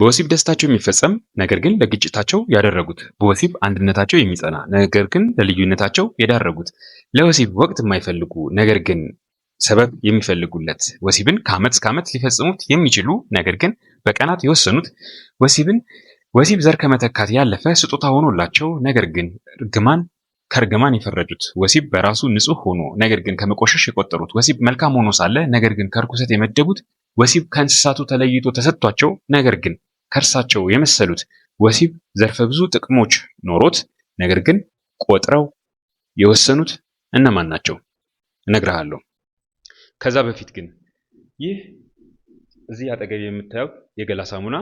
በወሲብ ደስታቸው የሚፈጸም ነገር ግን ለግጭታቸው ያደረጉት፣ በወሲብ አንድነታቸው የሚጸና ነገር ግን ለልዩነታቸው የዳረጉት፣ ለወሲብ ወቅት የማይፈልጉ ነገር ግን ሰበብ የሚፈልጉለት፣ ወሲብን ከዓመት እስከ ዓመት ሊፈጽሙት የሚችሉ ነገር ግን በቀናት የወሰኑት፣ ወሲብን ወሲብ ዘር ከመተካት ያለፈ ስጦታ ሆኖላቸው ነገር ግን እርግማን ከእርግማን የፈረጁት ወሲብ በራሱ ንጹህ ሆኖ ነገር ግን ከመቆሸሽ የቆጠሩት ወሲብ መልካም ሆኖ ሳለ ነገር ግን ከርኩሰት የመደቡት ወሲብ ከእንስሳቱ ተለይቶ ተሰጥቷቸው ነገር ግን ከእርሳቸው የመሰሉት ወሲብ ዘርፈ ብዙ ጥቅሞች ኖሮት ነገር ግን ቆጥረው የወሰኑት እነማን ናቸው? እነግርሃለሁ። ከዛ በፊት ግን ይህ እዚህ አጠገብ የምታየው የገላ ሳሙና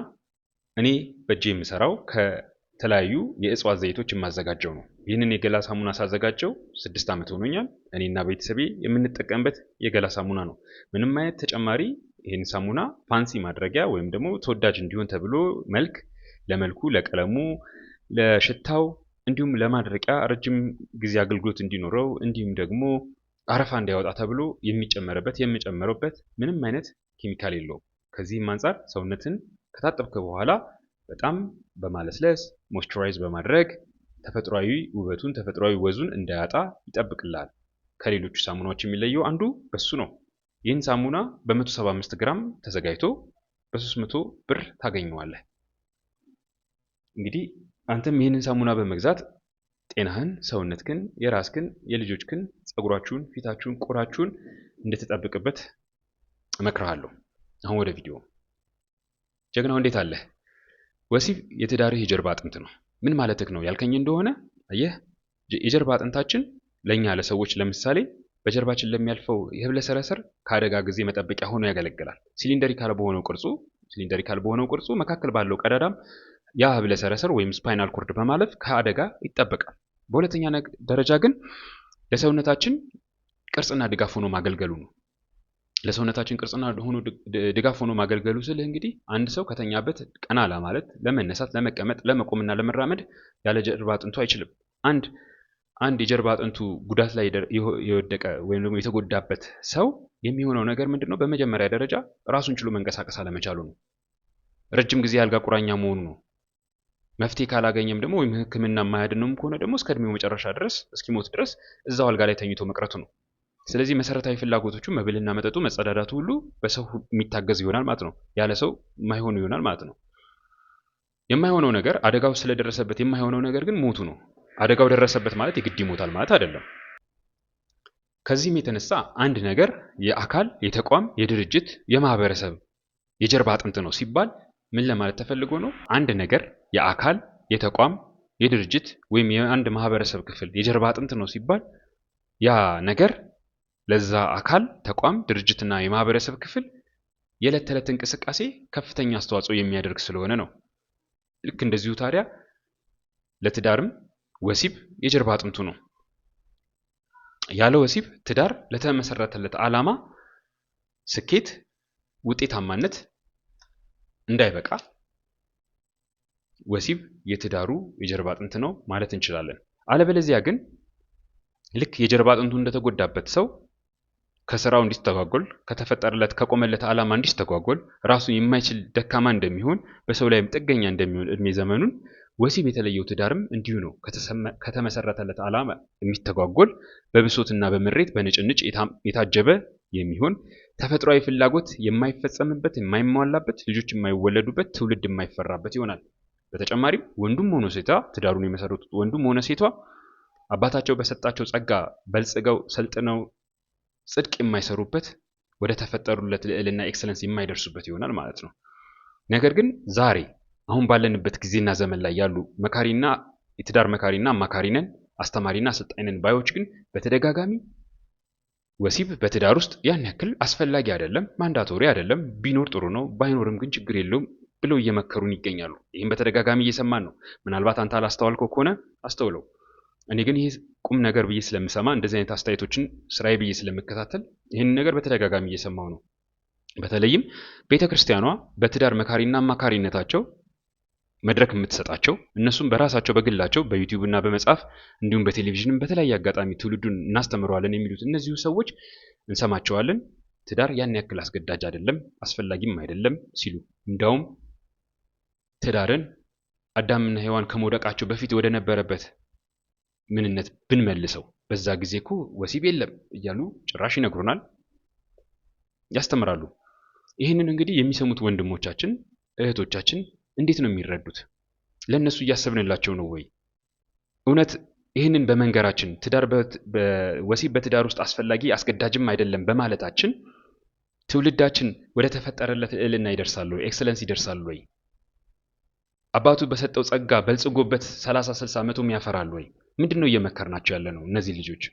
እኔ በእጄ የምሰራው ከተለያዩ የእጽዋት ዘይቶች የማዘጋጀው ነው። ይህንን የገላ ሳሙና ሳዘጋጀው ስድስት ዓመት ሆኖኛል። እኔና ቤተሰቤ የምንጠቀምበት የገላ ሳሙና ነው። ምንም አይነት ተጨማሪ ይህን ሳሙና ፋንሲ ማድረጊያ ወይም ደግሞ ተወዳጅ እንዲሆን ተብሎ መልክ ለመልኩ፣ ለቀለሙ፣ ለሽታው እንዲሁም ለማድረቂያ ረጅም ጊዜ አገልግሎት እንዲኖረው እንዲሁም ደግሞ አረፋ እንዳያወጣ ተብሎ የሚጨመርበት የሚጨመረበት ምንም አይነት ኬሚካል የለውም። ከዚህም አንጻር ሰውነትን ከታጠብክ በኋላ በጣም በማለስለስ ሞይስቸራይዝ በማድረግ ተፈጥሯዊ ውበቱን ተፈጥሯዊ ወዙን እንዳያጣ ይጠብቅልሃል። ከሌሎቹ ሳሙናዎች የሚለየው አንዱ በሱ ነው። ይህን ሳሙና በ175 ግራም ተዘጋጅቶ በ300 ብር ታገኘዋለህ። እንግዲህ አንተም ይህንን ሳሙና በመግዛት ጤናህን፣ ሰውነትህን፣ የራስህን፣ የልጆችህን፣ ጸጉራችሁን፣ ፊታችሁን፣ ቆዳችሁን እንድትጠብቅበት እመክርሃለሁ። አሁን ወደ ቪዲዮ። ጀግናው እንዴት አለህ? ወሲብ የትዳርህ የጀርባ አጥንት ነው። ምን ማለትህ ነው ያልከኝ እንደሆነ አየህ፣ የጀርባ አጥንታችን ለእኛ ለሰዎች ለምሳሌ በጀርባችን ለሚያልፈው የህብለሰረሰር ከአደጋ ጊዜ መጠበቂያ ሆኖ ያገለግላል። ሲሊንደሪካል በሆነው ቅርጹ ሲሊንደሪካል በሆነው ቅርጹ መካከል ባለው ቀዳዳም ያ ህብለሰረሰር ወይም ስፓይናል ኮርድ በማለፍ ከአደጋ ይጠበቃል። በሁለተኛ ደረጃ ግን ለሰውነታችን ቅርጽና ድጋፍ ሆኖ ማገልገሉ ነው። ለሰውነታችን ቅርጽና ሆኖ ድጋፍ ሆኖ ማገልገሉ ስልህ እንግዲህ አንድ ሰው ከተኛበት ቀና ለማለት፣ ለመነሳት፣ ለመቀመጥ፣ ለመቆምና ለመራመድ ያለ ጀርባ አጥንቱ አይችልም። አንድ አንድ የጀርባ አጥንቱ ጉዳት ላይ የወደቀ ወይም ደግሞ የተጎዳበት ሰው የሚሆነው ነገር ምንድን ነው? በመጀመሪያ ደረጃ ራሱን ችሎ መንቀሳቀስ አለመቻሉ ነው። ረጅም ጊዜ አልጋ ቁራኛ መሆኑ ነው። መፍትሄ ካላገኘም ደግሞ ወይም ሕክምና የማያድንም ከሆነ ደግሞ እስከ እድሜው መጨረሻ ድረስ እስኪሞት ድረስ እዛው አልጋ ላይ ተኝቶ መቅረቱ ነው። ስለዚህ መሰረታዊ ፍላጎቶቹ መብልና መጠጡ፣ መጸዳዳቱ ሁሉ በሰው የሚታገዝ ይሆናል ማለት ነው። ያለ ሰው ማይሆኑ ይሆናል ማለት ነው። የማይሆነው ነገር አደጋው ስለደረሰበት የማይሆነው ነገር ግን ሞቱ ነው። አደጋው ደረሰበት ማለት የግድ ይሞታል ማለት አይደለም። ከዚህም የተነሳ አንድ ነገር የአካል የተቋም የድርጅት የማህበረሰብ የጀርባ አጥንት ነው ሲባል ምን ለማለት ተፈልጎ ነው? አንድ ነገር የአካል የተቋም የድርጅት ወይም የአንድ ማህበረሰብ ክፍል የጀርባ አጥንት ነው ሲባል ያ ነገር ለዛ አካል ተቋም ድርጅትና የማህበረሰብ ክፍል የዕለት ተዕለት እንቅስቃሴ ከፍተኛ አስተዋጽኦ የሚያደርግ ስለሆነ ነው። ልክ እንደዚሁ ታዲያ ለትዳርም ወሲብ የጀርባ አጥንቱ ነው። ያለ ወሲብ ትዳር ለተመሰረተለት ዓላማ ስኬት፣ ውጤታማነት እንዳይበቃ ወሲብ የትዳሩ የጀርባ አጥንት ነው ማለት እንችላለን። አለበለዚያ ግን ልክ የጀርባ አጥንቱ እንደተጎዳበት ሰው ከስራው እንዲስተጓጎል ከተፈጠረለት ከቆመለት ዓላማ እንዲስተጓጎል ራሱን የማይችል ደካማ እንደሚሆን በሰው ላይም ጥገኛ እንደሚሆን እድሜ ዘመኑን ወሲብ የተለየው ትዳርም እንዲሁ ነው። ከተመሰረተለት ዓላማ የሚተጓጎል በብሶትና በምሬት በንጭንጭ የታጀበ የሚሆን ተፈጥሯዊ ፍላጎት የማይፈጸምበት የማይሟላበት፣ ልጆች የማይወለዱበት፣ ትውልድ የማይፈራበት ይሆናል። በተጨማሪም ወንዱም ሆነ ሴቷ ትዳሩን የመሰረቱት ወንዱም ሆነ ሴቷ አባታቸው በሰጣቸው ጸጋ በልጽገው ሰልጥነው ጽድቅ የማይሰሩበት ወደ ተፈጠሩለት ልዕልና ኤክሰለንስ የማይደርሱበት ይሆናል ማለት ነው። ነገር ግን ዛሬ አሁን ባለንበት ጊዜና ዘመን ላይ ያሉ መካሪና የትዳር መካሪና አማካሪ ነን፣ አስተማሪና አሰልጣኝ ነን ባዮች ግን በተደጋጋሚ ወሲብ በትዳር ውስጥ ያን ያክል አስፈላጊ አይደለም፣ ማንዳቶሪ አይደለም፣ ቢኖር ጥሩ ነው፣ ባይኖርም ግን ችግር የለውም ብለው እየመከሩን ይገኛሉ። ይህም በተደጋጋሚ እየሰማን ነው። ምናልባት አንተ አላስተዋልከው ከሆነ አስተውለው። እኔ ግን ይህ ቁም ነገር ብዬ ስለምሰማ እንደዚህ አይነት አስተያየቶችን ስራዬ ብዬ ስለምከታተል ይህን ነገር በተደጋጋሚ እየሰማው ነው። በተለይም ቤተ ክርስቲያኗ በትዳር መካሪና አማካሪነታቸው መድረክ የምትሰጣቸው እነሱም በራሳቸው በግላቸው በዩቲዩብ እና በመጽሐፍ እንዲሁም በቴሌቪዥንም በተለያየ አጋጣሚ ትውልዱን እናስተምረዋለን የሚሉት እነዚሁ ሰዎች እንሰማቸዋለን። ትዳር ያን ያክል አስገዳጅ አይደለም፣ አስፈላጊም አይደለም ሲሉ እንዲያውም ትዳርን አዳምና ሔዋን ከመውደቃቸው በፊት ወደ ነበረበት ምንነት ብንመልሰው በዛ ጊዜ እኮ ወሲብ የለም እያሉ ጭራሽ ይነግሩናል፣ ያስተምራሉ። ይህንን እንግዲህ የሚሰሙት ወንድሞቻችን እህቶቻችን እንዴት ነው የሚረዱት? ለእነሱ እያሰብንላቸው ነው ወይ? እውነት ይህንን በመንገራችን ትዳር ወሲብ በትዳር ውስጥ አስፈላጊ አስገዳጅም አይደለም በማለታችን ትውልዳችን ወደ ተፈጠረለት ልዕልና ይደርሳሉ? ኤክሰለንስ ይደርሳሉ ወይ? አባቱ በሰጠው ጸጋ በልጽጎበት 30 60 መቶም ያፈራሉ ወይ? ምንድን ነው እየመከርናቸው ያለ ነው? እነዚህ ልጆች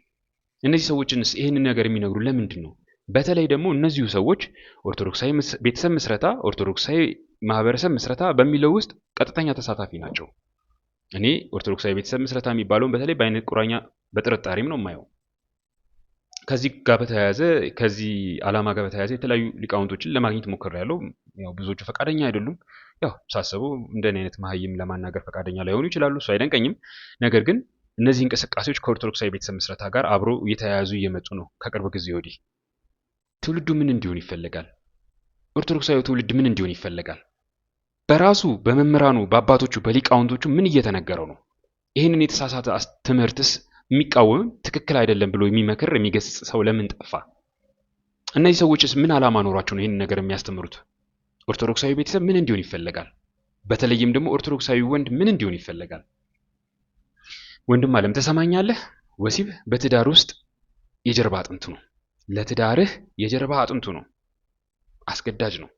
እነዚህ ሰዎችንስ ይህንን ነገር የሚነግሩ ለምንድን ነው? በተለይ ደግሞ እነዚሁ ሰዎች ኦርቶዶክሳዊ ቤተሰብ ምስረታ፣ ኦርቶዶክሳዊ ማህበረሰብ ምስረታ በሚለው ውስጥ ቀጥተኛ ተሳታፊ ናቸው። እኔ ኦርቶዶክሳዊ ቤተሰብ ምስረታ የሚባለውን በተለይ በአይነት ቁራኛ በጥርጣሬም ነው የማየው። ከዚህ ጋር በተያያዘ ከዚህ ዓላማ ጋር በተያያዘ የተለያዩ ሊቃውንቶችን ለማግኘት ሞከር ያው ብዙዎቹ ፈቃደኛ አይደሉም። ያው ሳሰቡ እንደኔ አይነት መሀይም ለማናገር ፈቃደኛ ላይሆኑ ይችላሉ። እሱ አይደንቀኝም። ነገር ግን እነዚህ እንቅስቃሴዎች ከኦርቶዶክሳዊ ቤተሰብ ምስረታ ጋር አብሮ እየተያያዙ እየመጡ ነው። ከቅርብ ጊዜ ወዲህ ትውልዱ ምን እንዲሆን ይፈልጋል? ኦርቶዶክሳዊ ትውልድ ምን እንዲሆን ይፈለጋል? በራሱ በመምህራኑ በአባቶቹ በሊቃውንቶቹ ምን እየተነገረው ነው? ይህንን የተሳሳተ ትምህርትስ የሚቃወም ትክክል አይደለም ብሎ የሚመክር የሚገስጽ ሰው ለምን ጠፋ? እነዚህ ሰዎችስ ምን ዓላማ ኖሯቸው ነው ይህን ነገር የሚያስተምሩት? ኦርቶዶክሳዊ ቤተሰብ ምን እንዲሆን ይፈለጋል? በተለይም ደግሞ ኦርቶዶክሳዊ ወንድ ምን እንዲሆን ይፈለጋል? ወንድም አለም ተሰማኛለህ? ወሲብ በትዳር ውስጥ የጀርባ አጥንቱ ነው። ለትዳርህ የጀርባ አጥንቱ ነው። አስገዳጅ ነው።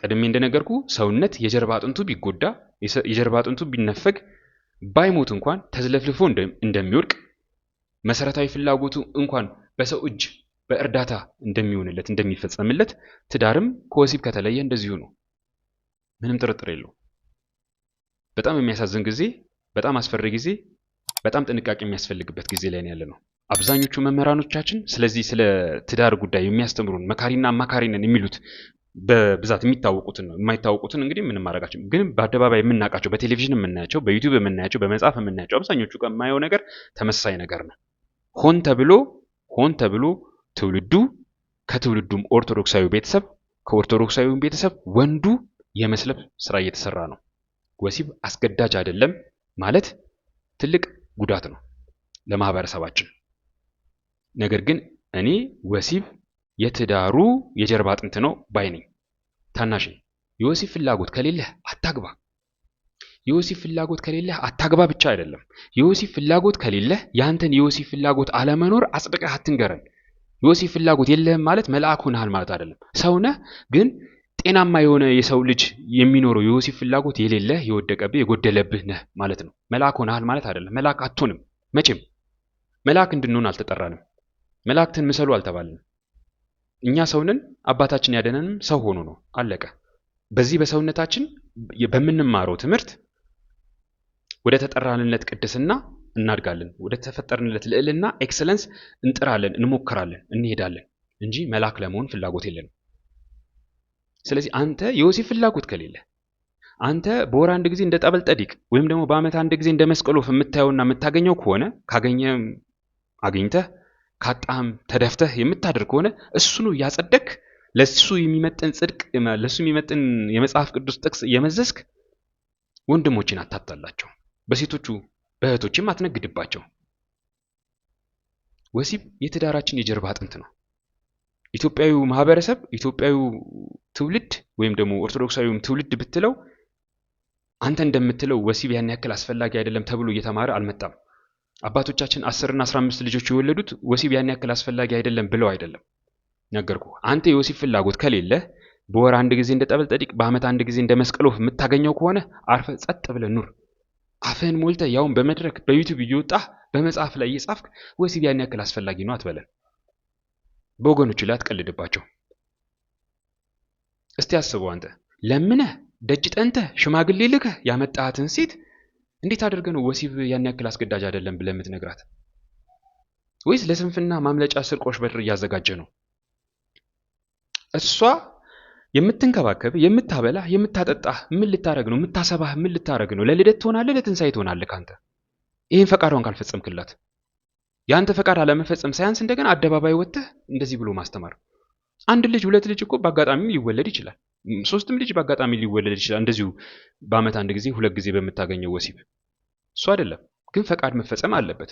ቀድሜ እንደነገርኩ ሰውነት የጀርባ አጥንቱ ቢጎዳ የጀርባ አጥንቱ ቢነፈግ ባይሞት እንኳን ተዝለፍልፎ እንደሚወድቅ መሰረታዊ ፍላጎቱ እንኳን በሰው እጅ በእርዳታ እንደሚሆንለት እንደሚፈጸምለት ትዳርም ከወሲብ ከተለየ እንደዚሁ ነው። ምንም ጥርጥር የለው። በጣም የሚያሳዝን ጊዜ፣ በጣም አስፈሪ ጊዜ፣ በጣም ጥንቃቄ የሚያስፈልግበት ጊዜ ላይ ያለ ነው። አብዛኞቹ መምህራኖቻችን ስለዚህ ስለ ትዳር ጉዳይ የሚያስተምሩን መካሪና አማካሪ ነን የሚሉት በብዛት የሚታወቁትን ነው። የማይታወቁትን እንግዲህ ምንም ማድረጋቸው ግን በአደባባይ የምናውቃቸው፣ በቴሌቪዥን የምናያቸው፣ በዩቲዩብ የምናያቸው፣ በመጽሐፍ የምናያቸው አብዛኞቹ ጋር የማየው ነገር ተመሳሳይ ነገር ነው። ሆን ተብሎ ሆን ተብሎ ትውልዱ ከትውልዱም ኦርቶዶክሳዊ ቤተሰብ ከኦርቶዶክሳዊ ቤተሰብ ወንዱ የመስለብ ስራ እየተሰራ ነው። ወሲብ አስገዳጅ አይደለም ማለት ትልቅ ጉዳት ነው ለማህበረሰባችን። ነገር ግን እኔ ወሲብ የትዳሩ የጀርባ አጥንት ነው ባይ ነኝ። ታናሽ የወሲብ ፍላጎት ከሌለህ አታግባ። የወሲብ ፍላጎት ከሌለህ አታግባ ብቻ አይደለም፣ የወሲብ ፍላጎት ከሌለህ ያንተን የወሲብ ፍላጎት አለመኖር አጽድቀህ አትንገረን። የወሲብ ፍላጎት የለህም ማለት መልአክ ሆነሃል ማለት አይደለም። ሰው ግን ጤናማ የሆነ የሰው ልጅ የሚኖረው የወሲብ ፍላጎት የሌለህ የወደቀብህ የጎደለብህ ነህ ማለት ነው። መልአክ ሆነሃል ማለት አይደለም። መልአክ አትሆንም መቼም። መልአክ እንድንሆን አልተጠራንም። መላእክትን ምሰሉ አልተባልንም። እኛ ሰውንን አባታችን ያደነንም ሰው ሆኖ ነው። አለቀ። በዚህ በሰውነታችን በምንማረው ትምህርት ወደ ተጠራንለት ቅድስና እናድጋለን። ወደ ተፈጠርንለት ልዕልና ኤክሰለንስ እንጥራለን፣ እንሞክራለን፣ እንሄዳለን እንጂ መልአክ ለመሆን ፍላጎት የለንም። ስለዚህ አንተ የዮሴፍ ፍላጎት ከሌለ አንተ በወር አንድ ጊዜ እንደ ጠበል ጠዲቅ ወይም ደግሞ በዓመት አንድ ጊዜ እንደ መስቀል ወፍ የምታየውና የምታገኘው ከሆነ ካገኘ አግኝተህ ካጣህም ተደፍተህ የምታደርግ ከሆነ እሱኑ እያጸደቅህ ለሱ የሚመጥን ጽድቅ ለሱ የሚመጥን የመጽሐፍ ቅዱስ ጥቅስ እየመዘዝክ ወንድሞችን አታታላቸው። በሴቶቹ በእህቶችም አትነግድባቸው። ወሲብ የትዳራችን የጀርባ አጥንት ነው። ኢትዮጵያዊ ማህበረሰብ ኢትዮጵያዊ ትውልድ ወይም ደግሞ ኦርቶዶክሳዊ ትውልድ ብትለው አንተ እንደምትለው ወሲብ ያን ያክል አስፈላጊ አይደለም ተብሎ እየተማረ አልመጣም። አባቶቻችን አስርና አስራ አምስት ልጆች የወለዱት ወሲብ ያን ያክል አስፈላጊ አይደለም ብለው አይደለም። ነገርኩ። አንተ የወሲብ ፍላጎት ከሌለ በወር አንድ ጊዜ እንደ ጠበልጠዲቅ በዓመት አንድ ጊዜ እንደ መስቀል ወፍ የምታገኘው ከሆነ አርፈ ጸጥ ብለ ኑር። አፍህን ሞልተ ያውን በመድረክ በዩቲዩብ እየወጣ በመጽሐፍ ላይ እየጻፍክ ወሲብ ያን ያክል አስፈላጊ ነው አትበለን። በወገኖች ላይ አትቀልድባቸው። እስቲ አስበው አንተ ለምነህ ደጅ ጠንተህ ሽማግሌ ልከህ ያመጣሃትን ሴት እንዴት አድርገ ነው ወሲብ ያን ያክል አስገዳጅ አይደለም ብለህ የምትነግራት? ወይስ ለስንፍና ማምለጫ ስርቆሽ በድር እያዘጋጀ ነው? እሷ የምትንከባከብ የምታበላ የምታጠጣህ ምን ልታረግ ነው? የምታሰባህ ምን ልታረግ ነው? ለልደት ትሆናለህ፣ ለትንሣኤ ትሆናለህ ከአንተ ይህን ፈቃዷን ካልፈጸምክላት የአንተ ፈቃድ አለመፈጸም ሳያንስ እንደገና አደባባይ ወጥተህ እንደዚህ ብሎ ማስተማር። አንድ ልጅ ሁለት ልጅ እኮ በአጋጣሚ ሊወለድ ይችላል። ሶስትም ልጅ በአጋጣሚ ሊወለድ ይችላል። እንደዚሁ በአመት አንድ ጊዜ ሁለት ጊዜ በምታገኘው ወሲብ እሱ አይደለም፣ ግን ፈቃድ መፈጸም አለበት።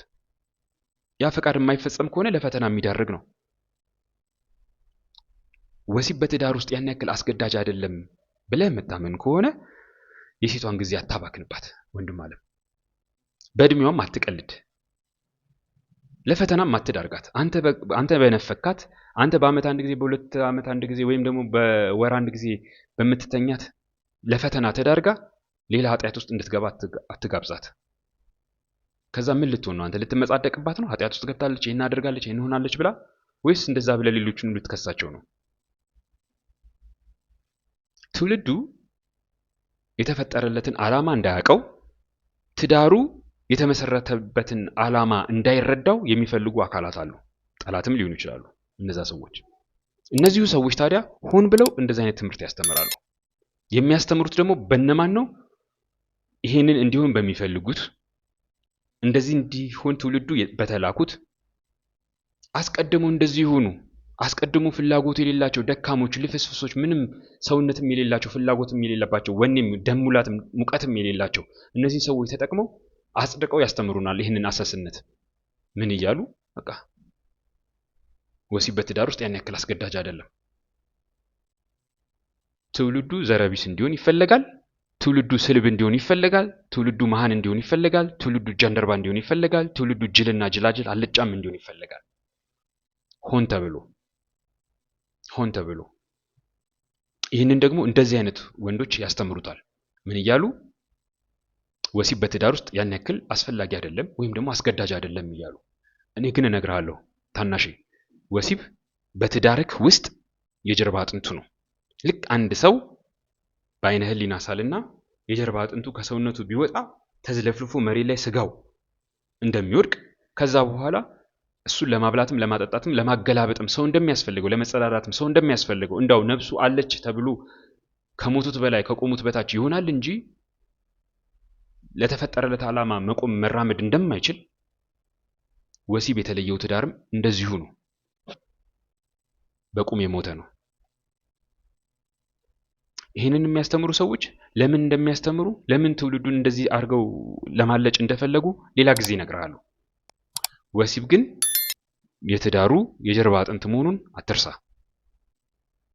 ያ ፈቃድ የማይፈጸም ከሆነ ለፈተና የሚዳርግ ነው። ወሲብ በትዳር ውስጥ ያን ያክል አስገዳጅ አይደለም ብለህ የምታምን ከሆነ የሴቷን ጊዜ አታባክንባት። ወንድም አለም በእድሜዋም አትቀልድ። ለፈተናም አትዳርጋት። አንተ በነፈካት አንተ በአመት አንድ ጊዜ በሁለት ዓመት አንድ ጊዜ ወይም ደግሞ በወር አንድ ጊዜ በምትተኛት ለፈተና ተዳርጋ ሌላ ኃጢአት ውስጥ እንድትገባ አትጋብዛት። ከዛ ምን ልትሆን ነው? አንተ ልትመጻደቅባት ነው? ኃጢአት ውስጥ ገብታለች፣ ይህን አደርጋለች፣ ይህን ሆናለች ብላ ወይስ እንደዛ ብለ ሌሎቹን ልትከሳቸው ነው? ትውልዱ የተፈጠረለትን ዓላማ እንዳያውቀው ትዳሩ የተመሰረተበትን ዓላማ እንዳይረዳው የሚፈልጉ አካላት አሉ። ጠላትም ሊሆኑ ይችላሉ እነዛ ሰዎች። እነዚሁ ሰዎች ታዲያ ሆን ብለው እንደዚህ አይነት ትምህርት ያስተምራሉ። የሚያስተምሩት ደግሞ በነማን ነው? ይሄንን እንዲሆን በሚፈልጉት እንደዚህ እንዲሆን ትውልዱ በተላኩት አስቀድሞ እንደዚህ ይሆኑ አስቀድሞ ፍላጎት የሌላቸው ደካሞች፣ ልፍስፍሶች፣ ምንም ሰውነትም የሌላቸው ፍላጎትም የሌለባቸው፣ ወኔም፣ ደሙላትም፣ ሙቀትም የሌላቸው እነዚህ ሰዎች ተጠቅመው አጽድቀው ያስተምሩናል። ይህንን አሳስነት ምን እያሉ በቃ ወሲብ በትዳር ውስጥ ያን ያክል አስገዳጅ አይደለም። ትውልዱ ዘረቢስ እንዲሆን ይፈለጋል። ትውልዱ ስልብ እንዲሆን ይፈለጋል። ትውልዱ መሀን እንዲሆን ይፈለጋል። ትውልዱ ጀንደርባ እንዲሆን ይፈለጋል። ትውልዱ ጅልና ጅላጅል አልጫም እንዲሆን ይፈለጋል። ሆን ተብሎ ሆን ተብሎ ይህንን ደግሞ እንደዚህ አይነት ወንዶች ያስተምሩታል። ምን እያሉ ወሲብ በትዳር ውስጥ ያን ያክል አስፈላጊ አይደለም ወይም ደግሞ አስገዳጅ አይደለም እያሉ፣ እኔ ግን እነግርሃለሁ ታናሽ፣ ወሲብ በትዳርክ ውስጥ የጀርባ አጥንቱ ነው። ልክ አንድ ሰው በአይነ ህሊና ሳልና የጀርባ አጥንቱ ከሰውነቱ ቢወጣ ተዝለፍልፎ መሬት ላይ ስጋው እንደሚወድቅ ከዛ በኋላ እሱን ለማብላትም ለማጠጣትም ለማገላበጥም ሰው እንደሚያስፈልገው ለመጸዳዳትም ሰው እንደሚያስፈልገው እንዳው ነብሱ አለች ተብሎ ከሞቱት በላይ ከቆሙት በታች ይሆናል እንጂ ለተፈጠረለት ዓላማ መቆም መራመድ እንደማይችል ወሲብ የተለየው ትዳርም እንደዚሁ ነው። በቁም የሞተ ነው። ይህንን የሚያስተምሩ ሰዎች ለምን እንደሚያስተምሩ ለምን ትውልዱን እንደዚህ አድርገው ለማለጭ እንደፈለጉ ሌላ ጊዜ ይነግርሃሉ። ወሲብ ግን የትዳሩ የጀርባ አጥንት መሆኑን አትርሳ።